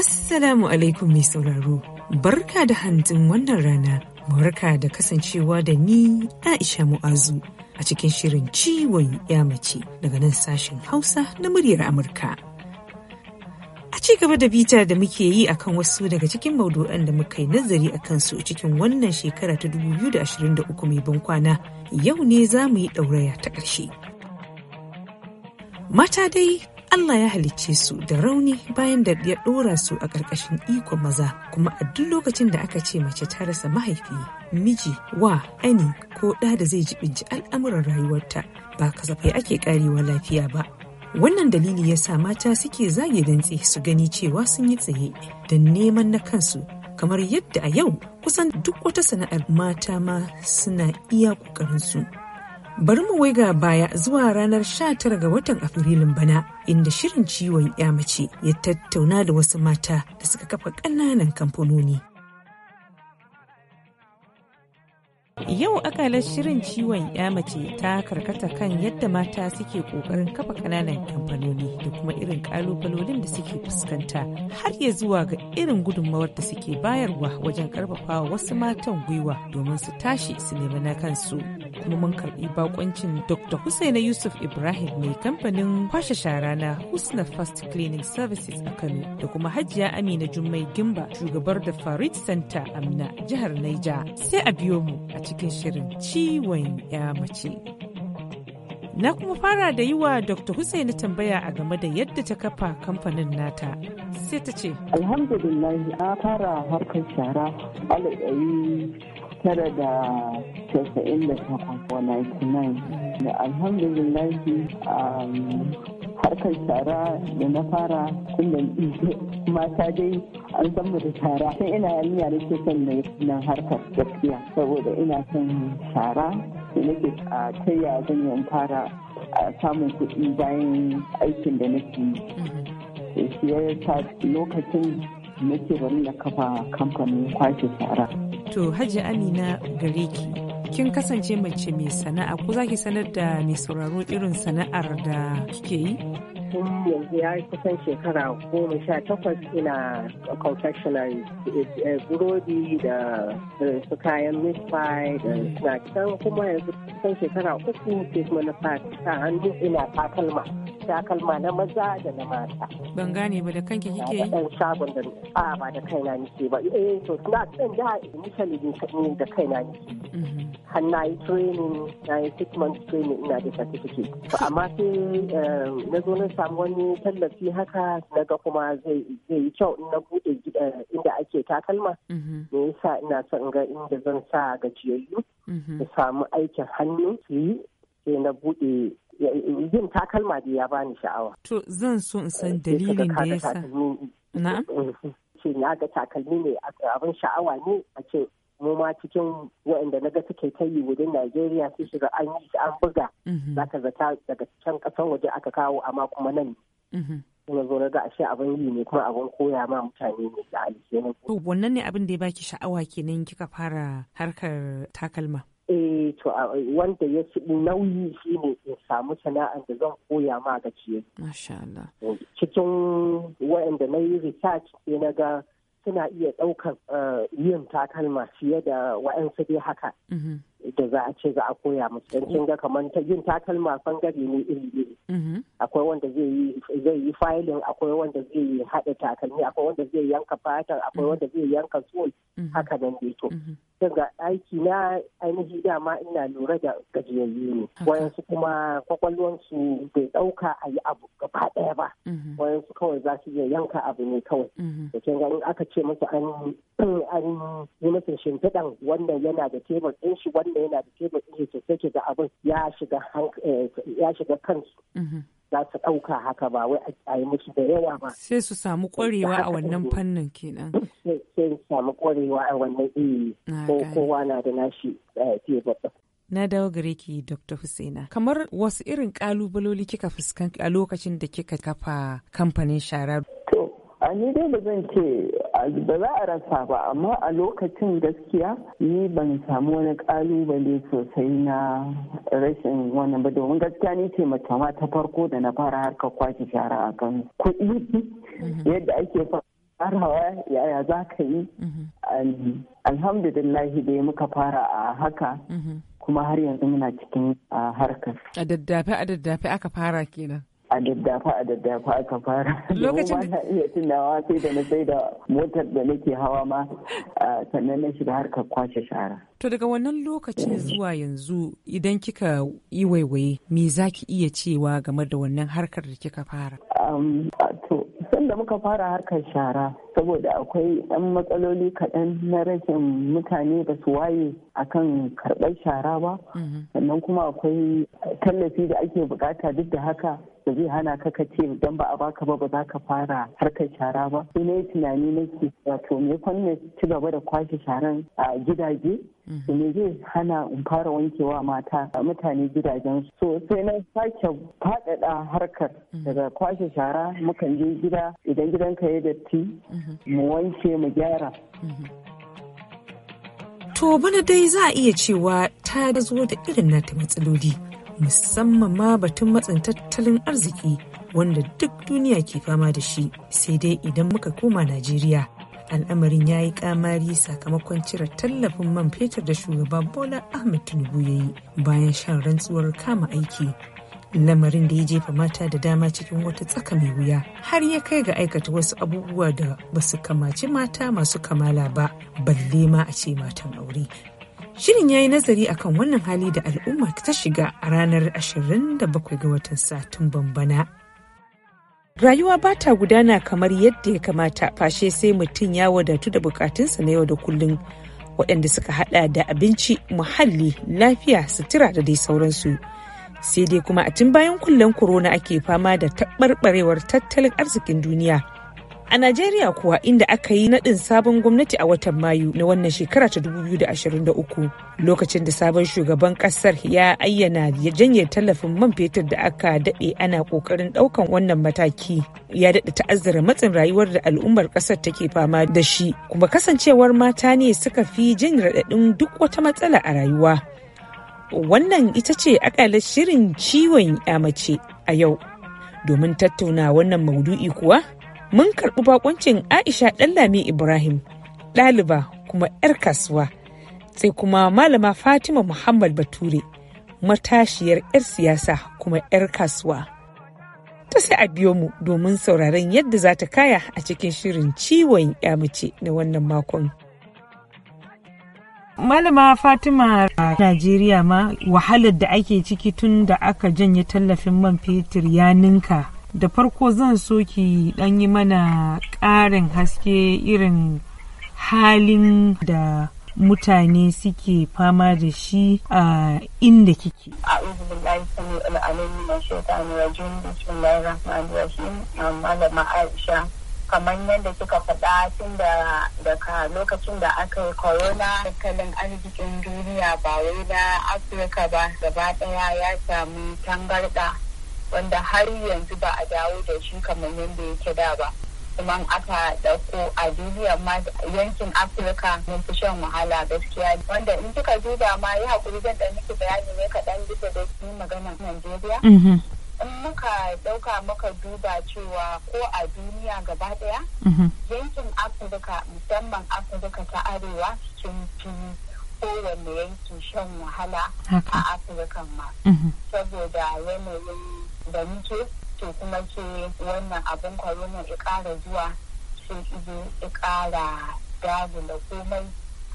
Assalamu alaikum mai sauraro, barka da hantin wannan rana, barka da kasancewa da ni Aisha Mu'azu a cikin shirin ciwon yamace daga nan sashen Hausa na muryar Amurka. A ci gaba da bita da muke yi akan wasu daga cikin maudu'an da muka yi nazari a kansu cikin wannan shekara ta 2023 mai ban kwana yau ne za mu yi ɗauraya ta ƙarshe. Mata dai Allah ya halicce su da rauni bayan da ya ɗora su a ƙarƙashin iko maza kuma a duk lokacin da aka ce mace ta rasa mahaifi miji wa ani ko ɗa da zai jibinci al'amuran rayuwarta ba kasafai ake karewa lafiya ba wannan dalili ya sa mata suke zage dantse su gani cewa sun yi tsaye da neman na kansu kamar yadda a yau kusan duk wata sana'ar mata ma suna iya ƙoƙarinsu. su bari mu waiga baya zuwa ranar 19 ga watan afrilun bana inda shirin ciwon ya mace ya tattauna da wasu mata da suka kafa ƙananan kamfanoni Yau akalar shirin ciwon ya mace ta karkata kan yadda mata suke ƙoƙarin kafa ƙananan kamfanoni da kuma irin ƙalubalolin da suke fuskanta har ya zuwa ga irin gudunmawar da suke bayarwa wajen karfafawa wasu matan gwiwa domin su tashi su nemi na kansu. kuma mun karbi bakoncin Dr. Husaina Yusuf Ibrahim mai kamfanin kwashe shara na Husna First Cleaning Services a Kano da kuma Hajiya Amina Jummai Gimba shugabar da Farid Center Amna jihar Naija. Sai a biyo mu a cikin shirin ciwon ya mace. Na kuma fara da yi wa Dr. Husaini tambaya a game da yadda ta kafa kamfanin nata. Sai ta ce, Alhamdulillah, na fara harkar shara alaɗari tara da da 99 da Alhamdulillah um, harkar shara da na fara tun da mata dai an san mu da shara sai ina yarinya da ke son na harkar gaskiya saboda ina son shara da nake a ta yaya zan fara samun kuɗi bayan aikin da nake yi shi ya lokacin nake bari na kafa kamfanin kwashe shara. To Hajji Amina gare ki kin kasance mace mai sana'a ko zaki sanar da mai sauraro irin sana'ar da kike yi? tun yanzu ya kusan shekara goma sha takwas ina confectionery eh, burodi da su kayan da snacks kuma yanzu kusan shekara uku ke kuma na sa hannu ina takalma takalma na maza da na mata. Ban gane ba da kanki kike yi? Ɗan shagon da a ba da kaina nake ba. Eh to na ɗan da misali ne da kaina nake. Mhm. Har na yi training, na yi six months training ina da certificate. To amma sai eh, na zo na samu wani tallafi haka na ga kuma zai yi kyau in na buɗe inda ake takalma. Mhm. Me yasa ina son ga inda zan sa gajiyayyu. Da mhm. samu aikin hannu su yi sai na buɗe yin takalma da ya bani sha'awa. To zan so in san eh, dalilin da ya sa. Na? Ce eh, na ga takalmi ne abin sha'awa ne a ce mu ma cikin waɗanda na ga suke ta yi wajen Najeriya sai shiga an yi shi an buga mhm. za ka zata daga can ƙasan waje aka kawo amma kuma nan. Kuma mhm. zo na ga ashe abin yi ne kuma abin koya ma mutane ne da alheri. To wannan ne abin da ya baki sha'awa kenan kika fara harkar takalma. eh to wanda ya ci nauyi shi ne in samu sana'ar da zan koya ma ga ciye. Cikin waɗanda na yi research sai na ga suna iya ɗaukar eh, yin takalma fiye da waɗansu dai haka. Mm-hmm. da za a ce za a koya musu don kin ga kamar ta yin takalma gari ne iri iri mm-hmm. akwai wanda zai yi fayilin. akwai wanda zai yi haɗa takalmi akwai wanda zai yanka fatan akwai mm-hmm. wanda zai yanka sol mm-hmm. haka nan dai to ga aiki na ainihi dama ina lura da gajiyayyu ne wayansu kuma kwakwalwan su bai dauka a yi abu gaba daya ba wayansu kawai za su iya yanka abu ne kawai da kin ga in aka ce musu an an yi musu shimfiɗan wannan yana da tebur ɗin shi tunda yana da tebur ɗin sosai ke da abin ya shiga eh, kansu mhm. za su ɗauka haka ba wai a yi musu da yawa ba. Sai su samu ƙwarewa a wannan fannin kenan. Sai su samu ƙwarewa a wannan iri ko kowa na da nashi fiye eh, ɗin. na dawo gare ki Dr. Husaina. Kamar wasu irin kalubaloli kika fuskanta a lokacin da kika kafa kamfanin shara? To, a ni dai ba zan ce ba za a rasa ba amma a lokacin gaskiya ni ban samu wani kalubale sosai na rashin wannan ba domin gaskiya ni ce mace ma ta farko da na fara harkar kwashe shara a kan kuɗi mhm. yadda ake farawa yaya za ka yi mhm. alhamdulillahi dai muka fara a haka mhm. kuma har yanzu muna cikin harkar a daddafe a daddafe aka fara kenan a daddafa a daddafa aka fara lokacin da iya tunawa sai da na sai da motar da nake hawa ma sannan na shiga harkar kwashe shara to daga wannan lokacin zuwa yanzu idan kika yi waiwaye me zaki iya cewa game da wannan harkar da kika fara to sanda muka fara harkar shara saboda akwai yan matsaloli kaɗan na rashin mutane ba su waye akan karɓar shara ba mm-hmm. sannan kuma akwai tallafi da ake bukata duk da haka da zai hana ka ka ce don ba a baka ba ba za ka fara harkar shara ba sai na yi tunani nake wato me kwanne ci gaba da kwashe sharan a gidaje da mhm. me zai hana in fara wankewa mata mutane gidajen so sai na sake faɗaɗa harkar mhm. daga kwashe shara mukan je gida idan gidan ka ya datti mhm. mu wanke mu gyara To bana dai za a iya cewa ta zo da irin nata matsaloli musamman ma batun matsin tattalin arziki wanda duk duniya ke fama da shi sai dai idan muka koma najeriya al'amarin ya yi kamari sakamakon cire tallafin man fetur da shugaba bola ahmed tinubu ya yi bayan shan rantsuwar kama aiki lamarin da ya jefa mata da dama cikin wata tsaka mai wuya har ya kai ga aikata wasu abubuwa da ba su kamaci mata masu kamala ba balle ma a ce matan aure Shirin ya yi nazari akan wannan hali da al'umma ta shiga a ranar 27 ga watan Satumban bana. Rayuwa ba ta gudana kamar yadda ya kamata fashe sai mutum ya wadatu da bukatunsa na yau da kullum waɗanda suka hada da abinci, muhalli, lafiya, sutura da dai sauransu. Sai dai kuma a tun bayan kullum Corona ake fama da taɓarɓarewar tattalin arzikin duniya. A Najeriya kuwa inda aka yi naɗin sabon gwamnati a watan Mayu na wannan shekara ta 2023 lokacin da sabon shugaban ƙasar ya ayyana ya janye tallafin man fetur da aka daɗe ana ƙoƙarin ɗaukan wannan mataki ya daɗa ta'azzara matsin rayuwar da al'ummar ƙasar take fama da shi kuma kasancewar mata ne suka fi jin raɗaɗin duk wata matsala a rayuwa. Wannan ita ce shirin ciwon mace a yau. Domin tattauna wannan maudu'i kuwa mun karɓi bakoncin aisha ɗanlami ibrahim ɗaliba kuma 'yar kasuwa sai kuma malama fatima muhammad bature matashiyar 'yar siyasa kuma 'yar kasuwa ta sai a biyo mu domin sauraron yadda za ta kaya a cikin shirin ciwon mace na wannan makon malama fatima a najeriya ma wahalar da ake ciki tun da aka janye tallafin man fetur ya ninka da farko zan so ki dan yi mana ƙarin haske irin halin da mutane suke fama da shi a inda kike. Malama Aisha kamar yadda kika faɗa tun da daga lokacin da aka yi corona tattalin arzikin duniya ba wai na afirka ba gaba ɗaya ya samu tangarɗa wanda har yanzu ba a dawo da shi kamar yadda yake da ba kuma aka dauko a duniya ma yankin afirka mun fi shan wahala gaskiya wanda in kika duba ma yi hakuri zan dan miki bayani ne kaɗan bisa da su maganar najeriya mm-hmm. in muka ɗauka muka duba cewa ko a duniya gaba ɗaya. Mm-hmm. yankin afirka musamman afirka ta arewa sun fi kowanne yanki shan wahala a afirka ma mm-hmm. saboda yanayin da muke to kuma ke wannan abin corona ya ƙara zuwa sai ido ya ƙara da komai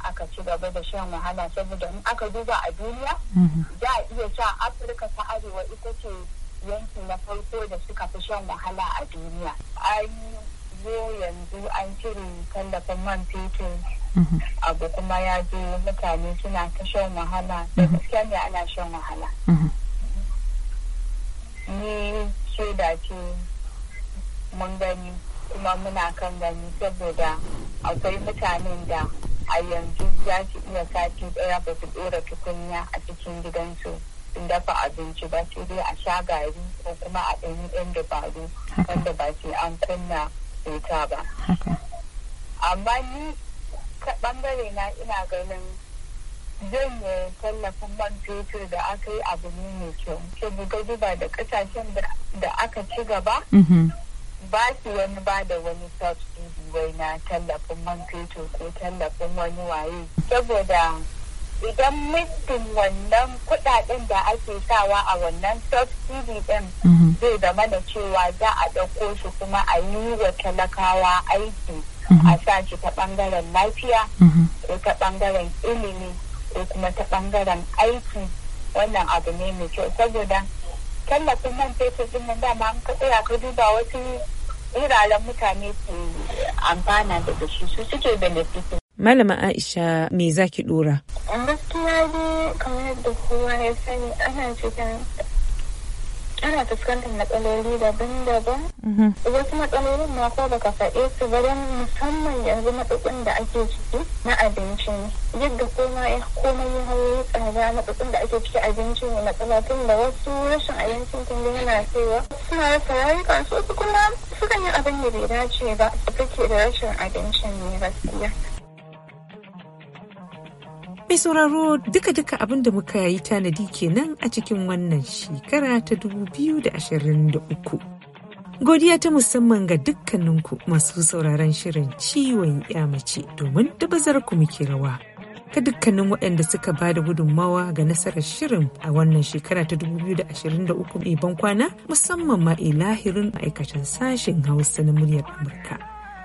aka ci gaba da shan wahala saboda in aka duba a duniya mhm. za a iya sha afirka ta arewa ita ce yanki na farko da suka fi shan wahala a duniya an zo yanzu an cire tallafin man fetur mhm. abu kuma ya zo mutane suna ta shan wahala da mhm. gaskiya ne ana shan wahala ne shaida ce mun gani kuma muna kan gani saboda akwai mutanen da a yanzu za su iya sati ɗaya ba su dora tukunya a cikin gidansu sun dafa abinci ba sai dai a sha gari ko kuma a ɗanyi ɗan dabaru wanda ba sai an kunna wuta ba. Amma ni ɓangare na ina ganin janye tallafin man fetur da aka yi abu ne mai kyau saboda duba da kasashen da aka ci gaba mm-hmm. ba su wani ba da wani subsidy wai na tallafin man fetur ko tallafin wani waye saboda idan mutum wannan kudaden da ake sawa a wannan subsidy din mm-hmm. zai zama da cewa za a ɗauko su kuma a yi wa talakawa aiki mm-hmm. a sa shi ta ɓangaren lafiya ko ta ɓangaren ilimi ko kuma ta bangaren aiki wannan abu ne mai kyau saboda tallafin man fetur din nan dama an ka ka duba wasu wuraren mutane su amfana daga shi su suke benefitin Malama Aisha me zaki dora? Gaskiya ne kamar yadda kowa ya sani ana cikin ana fuskantar matsaloli daban-daban mhm. wasu matsalolin na ko baka faɗe su ba don musamman yanzu matsatsin da ake ciki na abinci ne yadda koma ya komai ya hau tsada matsatsin da ake ciki abinci ne matsala tun da wasu rashin abincin tun da yana cewa suna rasa rayukan su kuma sukan yi abin da bai dace ba su kake da rashin abincin ne gaskiya Mai sauraro duka-duka abin da muka yi tanadi kenan a cikin wannan shekara ta 2023. Godiya ta musamman ga dukkaninku masu sauraron shirin ciwon mace domin dabazar ku muke rawa. Ka dukkanin waɗanda suka ba da gudunmawa ga nasarar shirin a wannan shekara ta 2023 mai ban kwana musamman ma ilahirin ma'aikatan sashen Hausa na muryar Amurka.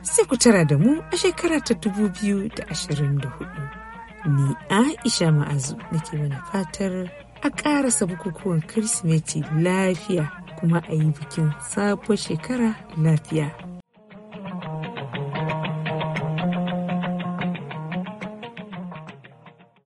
Sai ku tara da mu a shekara ta 2024. ni aisha ma'azu nake mana fatar a ƙarasa bukukuwan kirsimeti lafiya kuma a yi bikin sabuwar shekara lafiya